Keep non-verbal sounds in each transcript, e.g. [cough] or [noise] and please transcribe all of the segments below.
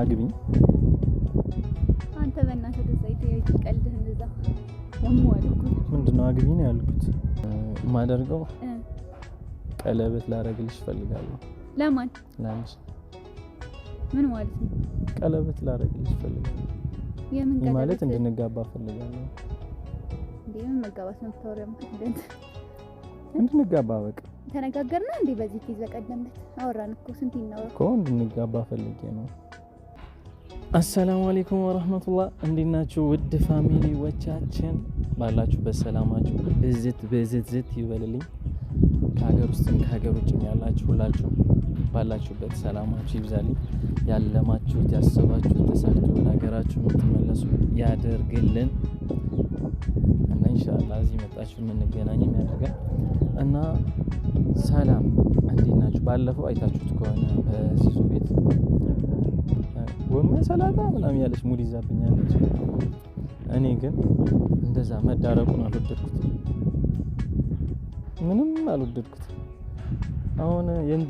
አግቢኝ። አንተ በእናትህ ደዛ ይተያዩ ቀልድህ እንደዛ ምንድነው? ነው ያልኩት የማደርገው ቀለበት ላረግልሽ እፈልጋለሁ። ለማን? ለአንቺ። ምን ማለት ነው? ቀለበት ላረግልሽ እፈልጋለሁ። የምን ቀለበት ማለት? እንድንጋባ እፈልጋለሁ። ምን መጋባት ነው የምታወሪው? እንድንጋባ በቃ ተነጋገርና እንዴ? በዚህ ፊት በቀደም አወራን እኮ ስንት ይናወራ እኮ እንድንጋባ ፈልጌ ነው አሰላሙ አሌይኩም ወረህመቱላህ እንዴት ናችሁ? ውድ ፋሚሊዎቻችን ባላችሁበት ሰላማችሁ ብዝት ብዝት ዝት ይበልልኝ። ከሀገር ውስጥም ከሀገር ውጭም ያላችሁ ሁላችሁ ባላችሁበት ሰላማችሁ ይብዛልኝ። ያለማችሁት ያሰባችሁት ተሳክቶ ወደ ሀገራችሁ የምትመለሱ ያደርግልን እና ኢንሻአላ እዚህ መጣችሁ የምንገናኝም ያደርጋል እና ሰላም እንዴት ናችሁ? ባለፈው አይታችሁት ከሆነ በዚዙ ቤት ጎመን ሰላጣ ምናምን ያለች ሙድ ይዛብኛለች። እኔ ግን እንደዛ መዳረቁን አልወደድኩት፣ ምንም አልወደድኩት። አሁን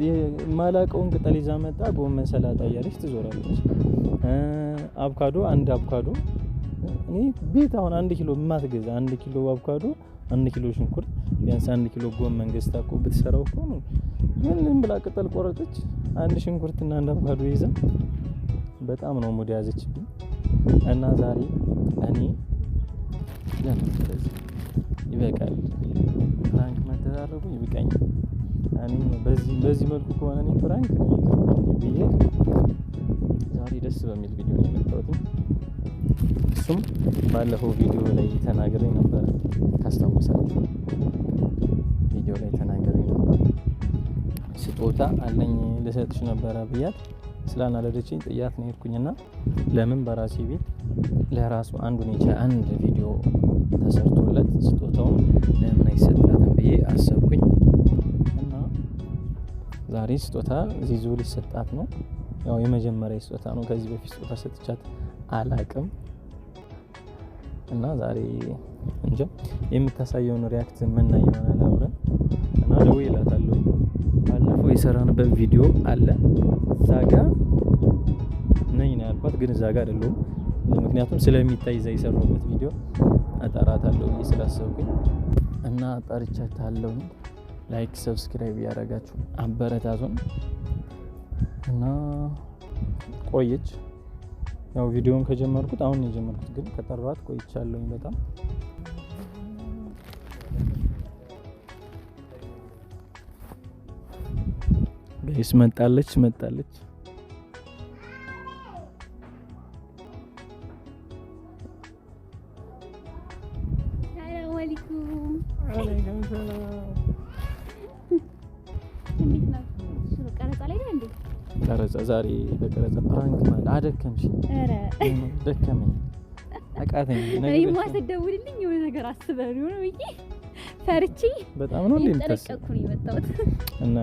የማላቀውን ቅጠል ይዛ መጣ፣ ጎመን ሰላጣ እያለች ትዞራለች። አቮካዶ አንድ አቮካዶ እኔ ቤት አሁን አንድ ኪሎ ማትገዛ አንድ ኪሎ አቮካዶ አንድ ኪሎ ሽንኩርት ቢያንስ አንድ ኪሎ ጎመን ገዝታ እኮ ብትሰራው እኮ ነው። ብላ ቅጠል ቆረጠች። አንድ ሽንኩርትና አንድ አቮካዶ ይዛ በጣም ነው ሙድ ያዘችብኝ እና ዛሬ እኔ ስለዚህ ይበቃል፣ ፍራንክ መደራረጉ ይብቃኛል። እኔ በዚህ በዚህ መልኩ ከሆነ እኔ ፍራንክ ብዬ ዛሬ ደስ በሚል ቪዲዮ ነው የመጣሁት። እሱም ባለፈው ቪዲዮ ላይ ተናግሬ ነበር ካስታውሳለሁ ቪዲዮ ላይ ተናገረኝ ነበር። ስጦታ አለኝ ልሰጥሽ ነበረ ብያት ስላናደደችኝ ጥያት ነው ሄድኩኝና ለምን በራሴ ቤት ለራሱ አንዱ የቻ አንድ ቪዲዮ ተሰርቶለት ስጦታው ለምን አይሰጣትም ብዬ አሰብኩኝ እና ዛሬ ስጦታ ዚዙ ሊሰጣት ነው። ያው የመጀመሪያ ስጦታ ነው። ከዚህ በፊት ስጦታ ሰጥቻት አላቅም እና ዛሬ እንጃ የምታሳየውን ሪያክት የምናየው ይሆናል አብረን እና ደውዬላታለሁ የሰራንበት ቪዲዮ አለ። እዛ ጋ ነኝ ነው ያልኳት፣ ግን እዛ ጋ አይደለሁም። ምክንያቱም ስለሚታይ እዛ የሰራሁበት ቪዲዮ አጣራታለሁ ብዬ ስላሰብኩኝ እና አጣርቻታለሁ። ላይክ ሰብስክራይብ እያደረጋችሁ አበረታቱን እና ቆየች ያው ቪዲዮን ከጀመርኩት አሁን የጀመርኩት ግን ከጠሯት ቆይቻለሁኝ በጣም ጋይስ መጣለች መጣለች። ቀረጻ ዛሬ በቀረጻ ፕራንክ ማለት አደከምሽ፣ ደከመኝ፣ አቃተኝ። እኔማ ስትደውልልኝ የሆነ ነገር አስበህ ነው ብዬ ፈርቼ በጣም ነው እንዴ ልታስብ እና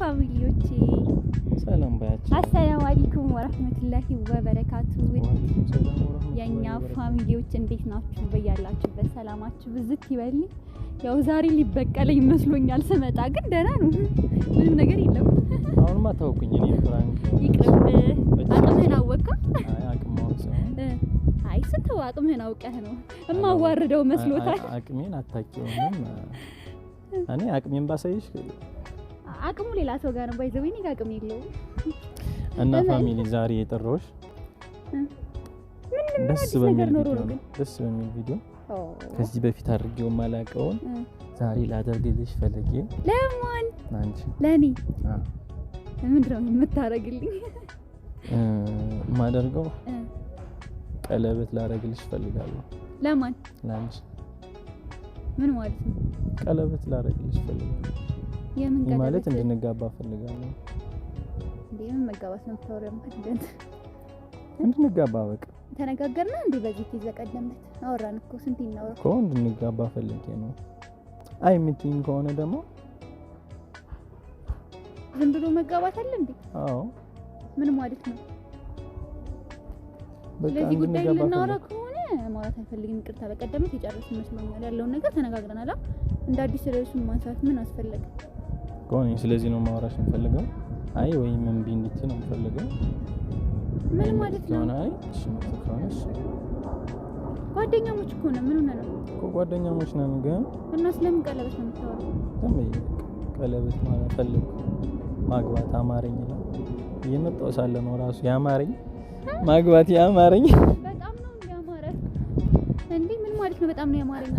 ፋሚሊዎች ሰላም ባያችሁ። አሰላሙ አለይኩም ወራህመቱላሂ ወበረካቱ። የኛ ፋሚሊዎች እንዴት ናችሁ? በያላችሁበት ሰላማችሁ ብዝት ይበል ያው ዛሬ ሊበቀለኝ መስሎኛል ስመጣ፣ ግን ደህና ነው፣ ምንም ነገር የለም። አሁንማ ታውቁኝ። እኔ ፍራንክ ይቅርብ። አቅምህን አወቅካ? አይ ስትው አቅምህን አውቀህ ነው እማዋርደው መስሎታል። አቅሜን አታውቂውም። እኔ አቅሜን ባሳይሽ አቅሙ ሌላ ሰው ጋር ነው። ባይዘው እኔ ጋር አቅም የለውም። እና ፋሚሊ ዛሬ የጠራሁሽ ደስ በሚል ነው። ደስ በሚል ቪዲዮ ከዚህ በፊት አድርጌው የማላውቀውን ዛሬ ላደርግልሽ ፈለጌ። ለማን? አንቺ። ለኔ? አዎ። ምንድን ነው የምታረግልኝ? የማደርገው ቀለበት ላረግልሽ ፈልጋለሁ። ለማን? ለአንቺ። ምን ማለት ነው? ቀለበት ላረግልሽ ፈልጋለሁ የምን ማለት እንድንጋባ ፈልጋለሁ። የምን መጋባት ነው ተወረም የምታወሪው? እንድንጋባ በቃ ተነጋገርና እንዴ በዚህ ጊዜ ቀደምት አወራን እኮ ስንት ይናወራ እኮ እንድንጋባ ፈልጌ ነው። አይ የምትይኝ ከሆነ ደግሞ ዝም ብሎ መጋባት አለ እንዴ? አዎ ምን ማለት ነው? ስለዚህ ጉዳይ ልናወራ ከሆነ ማውራት አይፈልግም። ይቅርታ በቀደምት የጨረስን መስሎኛል። ያለውን ነገር ተነጋግረናል። እንደ አዲስ ርዕሱን ማንሳት ምን አስፈለገ? ከሆነ ስለዚህ ነው ማውራሽ የምፈልገው። አይ ወይም እምቢ እንድትይ ነው የምፈልገው። ምን ማለት ነው? አይ እሺ፣ ጓደኛሞች እኮ ነን። ምን ሆነ ነው እኮ ጓደኛሞች ነን። ግን እና ስለምን ቀለበት ነው የምታወራው? ቀለበት ማለት ፈልግ ማግባት አማረኝ ነው እየመጣሁ ሳለ ነው ራሱ ያማረኝ ማግባት ያማረኝ። በጣም ነው ያማረ እንዴ! ምን ማለት ነው? በጣም ነው ያማረኝ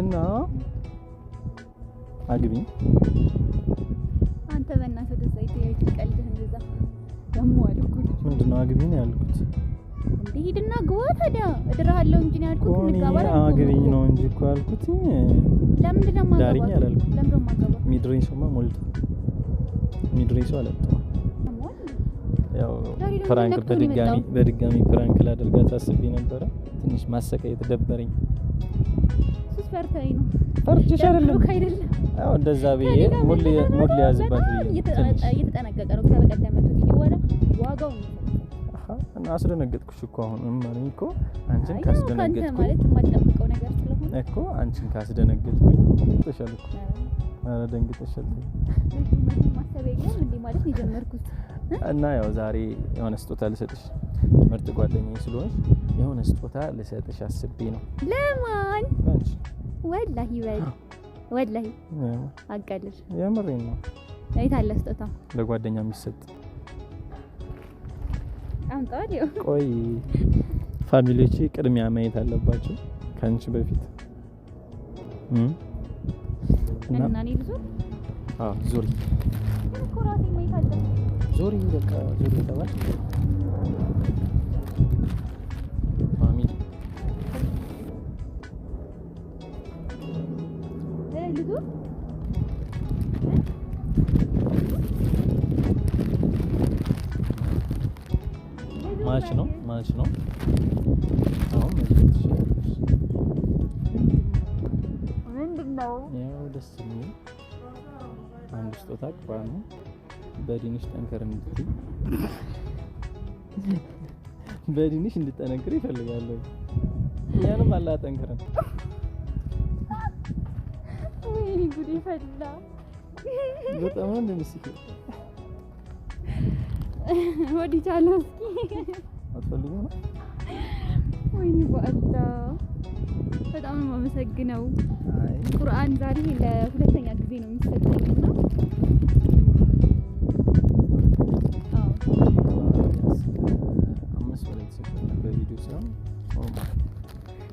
እና አግቢ አንተ በእናትህ ወደዛ ይተያይት ቀልድህ እንደዛ ደሞ አልኩት። ምንድን ነው አግቢ ነው ያልኩት? እንዴ ሂድና ግባ ታዲያ እድርሃለሁ እንጂ ያልኩት። እንጋባ አግቢኝ ነው እንጂ እኮ ያልኩት። ለምንድን ነው የማገባው? ዳርኛ አላልኩም። ለምንድን ነው የማገባው? ሞልቶ ሚድሬ ሰው ያው ፕራንክ በድጋሚ በድጋሚ ፕራንክ ላደርጋ አስቤ ነበረ። ትንሽ ማሰቃየት ደበረኝ። ፈርተኝ ነው ፈርቼሽ አይደለም አይደለም። እንደዛ ብዬ ሙሉ ሙሉ ያዝባት ብዬ እየተጠነቀቀ ነው። ከበቀደመቱ ቪዲዮ ዋጋው ነው አስደነገጥኩሽ እኮ አሁን ማለት እኮ አንቺን ካስደነገጥኩ ማለት እኮ ኧረ ደንግጠሻል። ማሰብ የለም ማለት ነው የጀመርኩት እና ያው ዛሬ የሆነ ስጦታ ልሰጥሽ ምርጥ ጓደኛዬ ስለሆንሽ የሆነ ስጦታ ልሰጥሽ አስቤ ነው። ለማን? ወላሂ በል ወላሂ አጋልሽ። የምሬን ነው። የት አለ ስጦታ? ለጓደኛ የሚሰጥ አምጣው። ቆይ ፋሚሊዎቼ ቅድሚያ ማየት አለባቸው ከአንቺ በፊት እና እኔ ብዙ ዙሪ zor yürek zorunda var. Amin. Hey gidiyor? Maaşın o, maaşın o. Tamam mı? Şey yapıyorsun. Ya orası mı? Anlaştı var mı? በዲንሽ ጠንከር እንድትይ [laughs] በዲንሽ እንድጠነክር ይፈልጋለሁ። እኛንም አላ ጠንክረን። ወይኔ ጉድ ፈላ። በጣም ነው እንደምስከው ወዲቻለሁ። እስኪ አትፈልጉ ነው። ወይኒ በአላህ በጣም ነው የማመሰግነው። ቁርአን ዛሬ ለሁለተኛ ጊዜ ነው የሚሰጠኝ ነው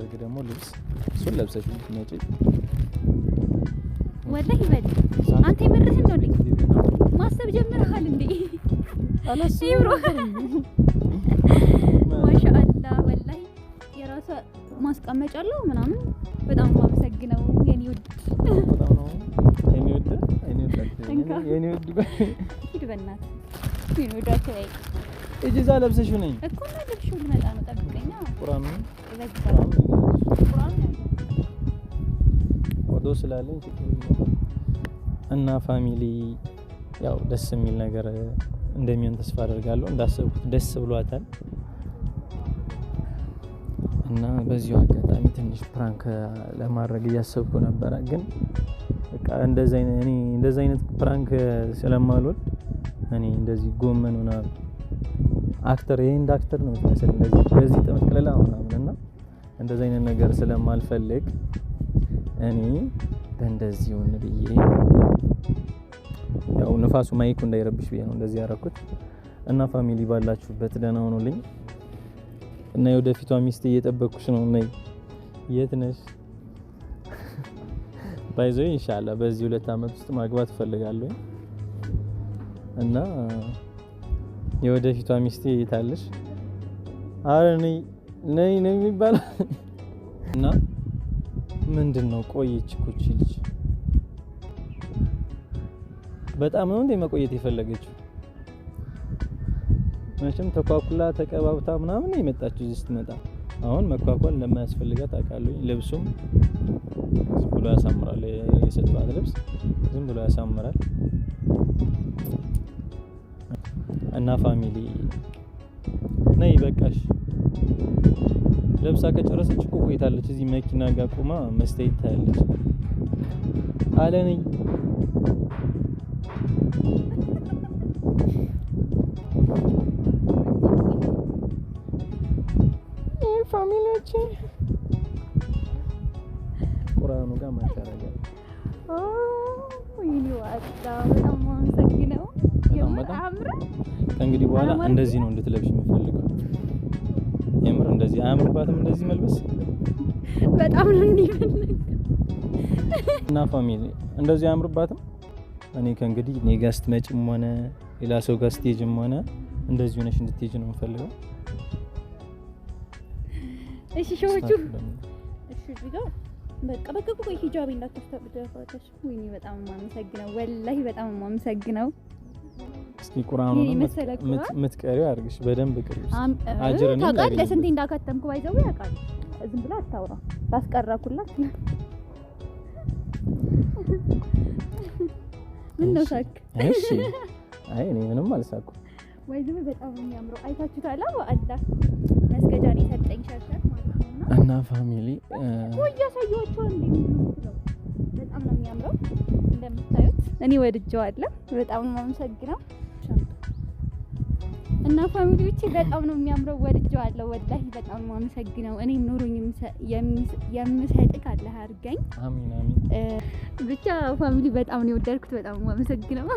የሚያደርግ ደግሞ ልብስ እሱን ለብሰሽ ምትመጪ ወላሂ ይበል። አንተ የምርህ ነው ልጅ ማሰብ ጀምረሃል እንዴ? አላስ ይብሮ ማሻአላ ወላሂ የራሷ ማስቀመጫ አለው ምናምን። በጣም ማመሰግነው የኔ ውድ በጣም ነው የኔ ውድ የኔ ውድ የኔ ውድ ሂድ ነኝ እኮ ነው ልብሽው ልመጣ ነው ጠብቀኛ ቁራኑ ቆዶ ስላለኝ እና ፋሚሊ ያው ደስ የሚል ነገር እንደሚሆን ተስፋ አደርጋለሁ። እንዳሰብኩት ደስ ብሏታል እና በዚሁ አጋጣሚ ትንሽ ፕራንክ ለማድረግ እያሰብኩ ነበረ፣ ግን በቃ እንደዚ አይነት ፕራንክ ስለማልወድ እኔ እንደዚህ ጎመን ምናምን አክተር ይሄ እንደ አክተር ነው የምትመስል እንደዚህ በዚህ ጥምጥቅልላ ምናምን እንደዚህ አይነት ነገር ስለማልፈልግ እኔ በእንደዚህ ሆን ብዬ ያው ንፋሱ ማይኩ እንዳይረብሽ ብዬ ነው እንደዚህ ያረኩት እና ፋሚሊ ባላችሁበት ደህና ሆኖልኝ እና የወደፊቷ ሚስት እየጠበቅኩሽ ነው። ነይ የት ነሽ? ባይዞ [laughs] ኢንሻአላ በዚህ ሁለት አመት ውስጥ ማግባት እፈልጋለሁ እና የወደፊቷ ሚስቴ የታለሽ? አረ ነይ ነይ ነይ የሚባል እና ምንድን ነው ቆየች እኮ ልጅ በጣም ነው እንዴ መቆየት የፈለገችው? መቼም ተኳኩላ ተቀባብታ ምናምን የመጣችው እዚህ ስትመጣ። አሁን መኳኳል እንደማያስፈልጋት አውቃለሁ። ልብሱም ዝም ብሎ ያሳምራል፣ የሰጠዋት ልብስ ዝም ብሎ ያሳምራል። እና ፋሚሊ ነይ በቃሽ። ለብሳ ከጨረሰች እኮ ቆይታለች። እዚህ መኪና ጋር ቆማ መስታየት ታያለች አለኝ። ፋሚሊያችን ቁርአኑ ጋር ማሻረጋል ከእንግዲህ በኋላ እንደዚህ ነው እንድትለብሽ የምፈልገው የምር እንደዚህ አያምርባትም? እንደዚህ መልበስ በጣም ነው እና ፋሚሊ እንደዚህ አያምርባትም? እኔ ከእንግዲህ እኔ ጋር ስትመጪም ሆነ ሌላ ሰው ጋር ስትሄጂም ሆነ እንደዚህ ሆነሽ እንድትሄጂ ነው የምፈልገው። እሺ ሸዎቹ እሺ ቢጋው በቃ በቃ ቆይ ሂጃቤ እንዳትፈታ ብቻ ፈታሽ። ወይኔ በጣም የማመሰግነው ወላሂ በጣም የማመሰግነው እስኪ ቁርአኑን የምትቀሪው አድርግሽ በደንብ ቅሪ። አጅርን ታውቃለህ ስንቴ እንዳከተምኩ ባይዘው ያውቃል። ዝም ብላ አታውራ ታስቀረኩላት። ምን ነው ሳክ? እሺ አይ እኔ ምንም አልሳኩ። ወይ ዝም በጣም ነው የሚያምረው አይታችሁታል። አላህ መስገጃ ነው ሰጠኝ ሻሻት ማለት ነው። እና ፋሚሊ ወይ ያሳየዋቸው እንዴ ነው በጣም ነው የሚያምረው እንደምታዩት። እኔ ወድጀዋለሁ። በጣም ነው የማመሰግነው። እና ፋሚሊዎች በጣም ነው የሚያምረው፣ ወድጄዋለሁ። ወላሂ በጣም ነው አመሰግነው። እኔም ኑሮኝ የምሰጥክ አለ አድርገኝ። ብቻ ፋሚሊ በጣም ነው የወደድኩት። በጣም ነው አመሰግነው።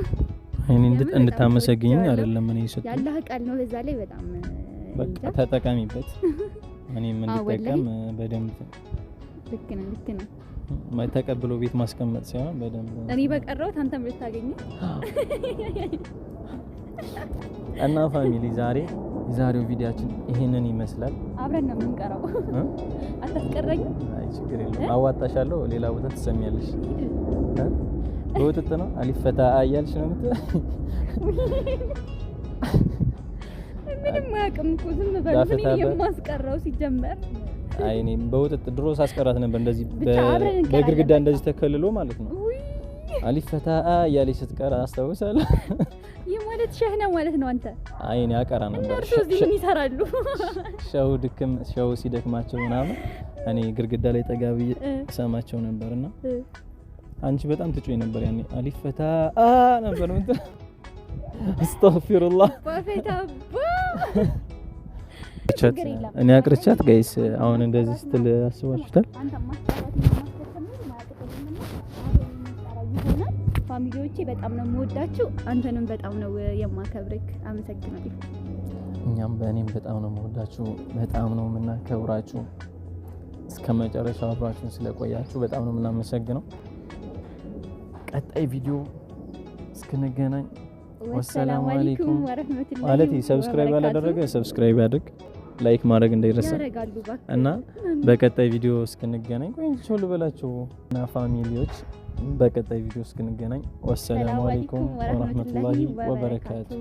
እንድታመሰግኝ አይደለም እኔ ሰጥ ያለ ቃል ነው። በዛ ላይ በጣም በቃ ተጠቀሚበት። [laughs] እኔም እንድጠቀም በደንብ ልክ ነው፣ ልክ ነው ተቀብሎ ቤት ማስቀመጥ ሳይሆን በደንብ እኔ በቀረው አንተም ልታገኘ [gasps] [laughs] እና ፋሚሊ ዛሬ የዛሬው ቪዲያችን ይሄንን ይመስላል። አብረን ነው የምንቀረው። አታስቀረኝ? አይ ችግር የለም አዋጣሻለሁ። ሌላ ቦታ ትሰሚያለሽ። በውጥጥ ነው አሊፈታ እያልሽ ነው የምትለው። ምንም አያውቅም እኮ ዝም በል። ምን የማስቀረው ሲጀመር? አይ እኔም በውጥጥ ድሮ ሳስቀራት ነበር እንደዚህ በግርግዳ እንደዚህ ተከልሎ ማለት ነው። አሊፈታ እያለች ስትቀር አስታውሳለሁ። [laughs] ማለት ሸህ ነው ማለት ነው። አንተ አይ እኔ አቀራ ነበር። እርሱ እዚህ ምን ይሰራሉ? [laughs] ሸው ድክም ሸው ሲደክማቸው ምናምን እኔ ግድግዳ ላይ ጠጋ ብዬ ሰማቸው ነበርና አንቺ በጣም ትጮይ ነበር ያኔ። አሊፈታ አ ነበር ምንት አስተግፊሩላህ ወፈታ እኔ አቅርቻት ጋይስ፣ አሁን እንደዚህ ስትል አስባችሁታል? ፋሚሊዎቼ በጣም ነው የምወዳችሁ። አንተንም በጣም ነው የማከብርክ። አመሰግናለሁ። እኛም በእኔም በጣም ነው የምወዳችሁ፣ በጣም ነው የምናከብራችሁ። እስከ መጨረሻው አብራችሁን ስለቆያችሁ በጣም ነው የምናመሰግነው። ቀጣይ ቪዲዮ እስክንገናኝ ወሰላሙ አለይኩም ማለት ሰብስክራይብ ያላደረገ ሰብስክራይብ ያድርግ። ላይክ ማድረግ እንዳይረሳ እና በቀጣይ ቪዲዮ እስክንገናኝ ቆንጆ ልበላችሁ እና ፋሚሊዎች በቀጣይ ቪዲዮ እስክንገናኝ ወሰላሙ አለይኩም ወረህመቱላሂ ወበረካቱ።